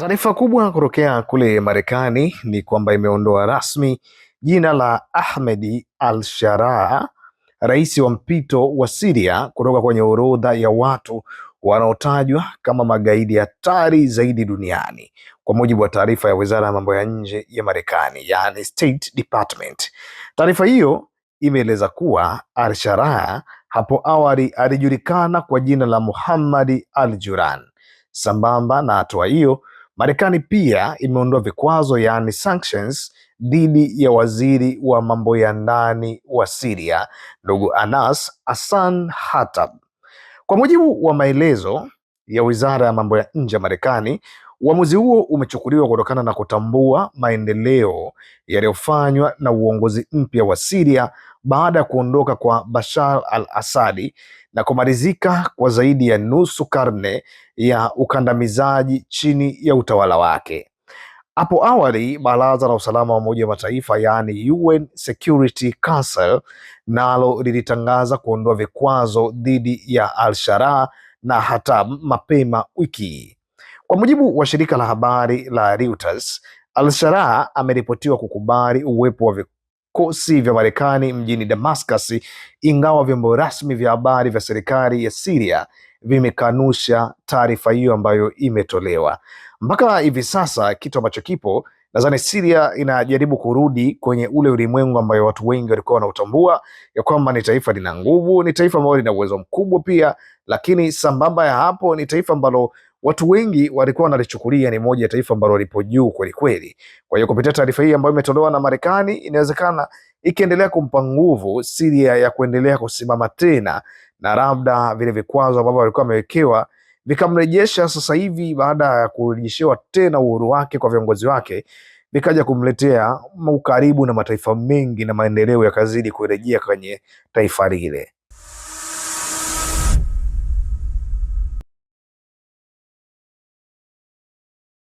Taarifa kubwa kutokea kule Marekani ni kwamba imeondoa rasmi jina la Ahmed al-Sharaa, rais wa mpito wa siria kutoka kwenye orodha ya watu wanaotajwa kama magaidi hatari zaidi duniani, kwa mujibu wa taarifa ya Wizara ya Mambo ya Nje ya Marekani, yani State Department. Taarifa hiyo imeeleza kuwa al-Sharaa hapo awali alijulikana kwa jina la Muhammad al-Juran. Sambamba na hatua hiyo Marekani pia imeondoa vikwazo yaani sanctions dhidi ya waziri wa mambo ya ndani wa Syria ndugu Anas Hassan Hatab. Kwa mujibu wa maelezo ya Wizara ya Mambo ya Nje ya Marekani, Uamuzi huo umechukuliwa kutokana na kutambua maendeleo yaliyofanywa na uongozi mpya wa Syria baada ya kuondoka kwa Bashar al asadi na kumalizika kwa zaidi ya nusu karne ya ukandamizaji chini ya utawala wake. Hapo awali, Baraza la Usalama wa Umoja wa Mataifa, yaani UN Security Council, nalo lilitangaza kuondoa vikwazo dhidi ya al-Sharaa na hatam mapema wiki hii. Kwa mujibu wa shirika la habari la Reuters, al-Sharaa ameripotiwa kukubali uwepo wa vikosi vya Marekani mjini Damascus, ingawa vyombo rasmi vya habari vya serikali ya Syria vimekanusha taarifa hiyo ambayo imetolewa. Mpaka hivi sasa kitu ambacho kipo nadhani Syria inajaribu kurudi kwenye ule ulimwengu ambayo watu wengi walikuwa wanautambua ya kwamba ni taifa lina nguvu, ni taifa ambalo lina uwezo mkubwa pia, lakini sambamba ya hapo ni taifa ambalo watu wengi walikuwa wanalichukulia ni moja ya taifa ambalo lipo juu kweli kweli. Kwa hiyo kupitia taarifa hii ambayo imetolewa na Marekani, inawezekana ikiendelea kumpa nguvu Syria ya kuendelea kusimama tena, na labda vile vikwazo ambavyo walikuwa wamewekewa vikamrejesha sasa hivi, baada ya kurejeshewa tena uhuru wake kwa viongozi wake, vikaja kumletea ukaribu na mataifa mengi na maendeleo yakazidi kurejea kwenye taifa lile.